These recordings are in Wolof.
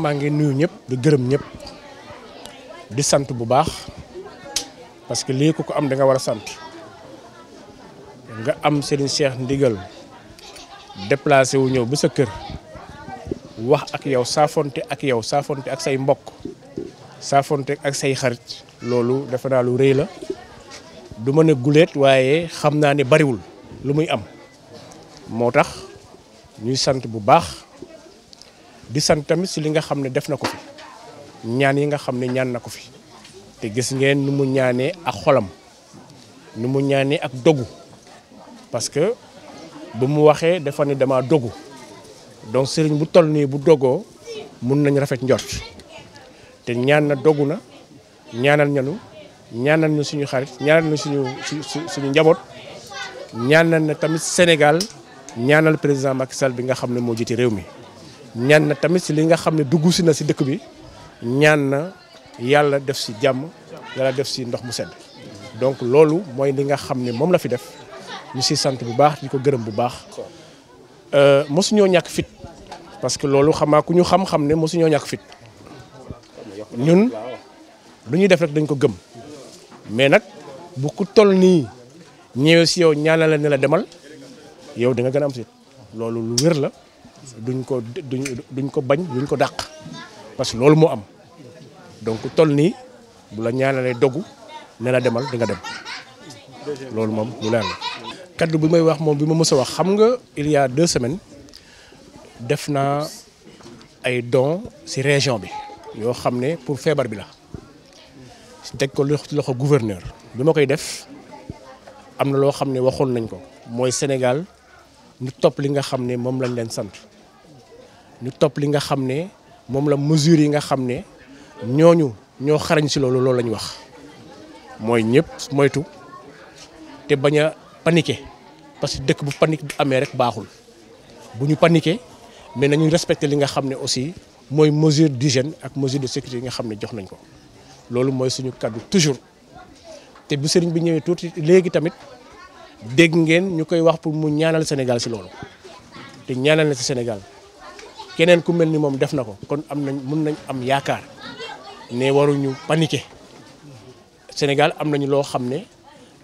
maa ngi nuyu ñëpp di gërëm ñëpp di sant bu baax parce que lii ku ko am danga war a sant nga am Serigne Cheikh ndigal déplacé wu ñëw ba sa kër wax ak yow saafonte ak yow saafonte ak say mbokk saafonte ak say xarit loolu defe naa lu rëy la du ma ne guleet waaye xam naa ne bariwul lu muy am moo tax ñuy sant bu baax. di sant tamit si li nga xam ne def na ko fi ñaan yi nga xam ne ñaan na ko fi te gis ngeen nu mu ñaanee ak xolam nu mu ñaanee ak dogu parce que bu mu waxee dafa ne dama dogu donc sëriñ bu toll nii bu dogoo mun nañ rafet njort te ñaan na dogu na ñaanal ñanu ñaanal ñu suñu xarit ñaanal ñu suñu suñu njaboot ñaanal na tamit Sénégal ñaanal président Macky Sall bi nga xam ne moo jiite réew mi ñaan na tamit ci li nga xam duggu ci na ci dëkk bi ñaan na yalla def ci jamm yalla def ci ndox mu sedd donc lolu moy li nga xam mom la fi def ñu ci sante bu baax di ko bu baax euh, mosu ñoo ñak fit parce que lolu xama ku ñu xam-xam ne ñoo ñak fit ñun lu ñuy def rek dañ ko gëm mais nak bu ku toll ni ñew ci yow ñaanal la ne la demal yow di nga gëna am ci lolu lu wër la duñ ko duñ ko bañ duñ ko dak parce que mo am donc toll ni bu la ñaanalee dogu ne la demal di nga dem loolu mom lu leer kaddu bi may wax mom bima mësa wax xam nga il y a 2 semaines defna ay don ci région bi yo xamné pour fièvre bi la tek ko loxo gouverneur bima koy def amna lo xamné waxon nañ ko moy Sénégal ñu top li nga xamné mom lañ leen sant ñu top li nga xamné mom la mesure yi nga xamné ñoñu ño xarañ ci lolu lolu lañ wax moy ñepp moytu té baña paniquer parce que dëkk bu panique amé rek baxul bu ñu paniquer mais nañu respecter li nga xamné aussi moy mesure d'hygiène ak mesure de sécurité nga xamné jox nañ ko lolu moy suñu cadeau toujours te bu sëriñ bi ñëwé tout légui tamit dégg ngeen ñu koy wax pour mu ñaanal Sénégal si loolu te ñaanal na si Sénégal keneen ku mel ni moom def na ko kon am nañ mun nañ am yaakaar ne waruñu paniquer Sénégal am nañu loo xam ne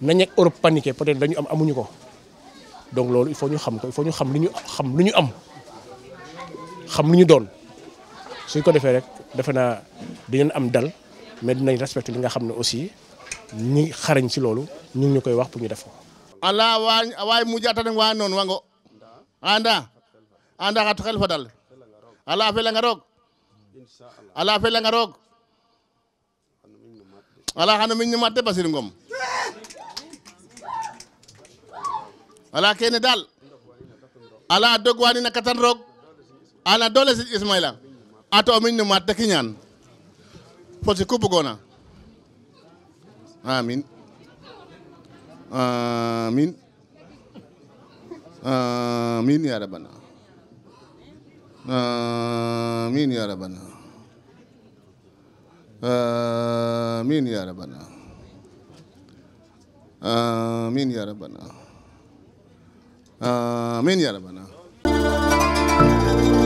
nañ ak Europe peut-être dañu am amuñu ko donc loolu il faut ñu xam ko il faut ñu xam lu ñu xam lu ñu am xam lu ñu doon suñ ko defee rek defe naa dinañ am dal mais nañ respecté li nga xam ne aussi ñi xarañ si loolu ñu ñu koy wax pour ñu def ala wawi mujatane wawi noon wango anda anda xa toxel fadal ala felanga roog ala felanga roog ala xano miñ no mat de basir ngom ala kene daal ala dogwanina katan roog ana doole sin ismaila ato o miñ no mat de kiñaan fosi ku bugona amin آمين آمين يا ربنا آمين يا ربنا آمين يا ربنا آمين يا ربنا آمين يا ربنا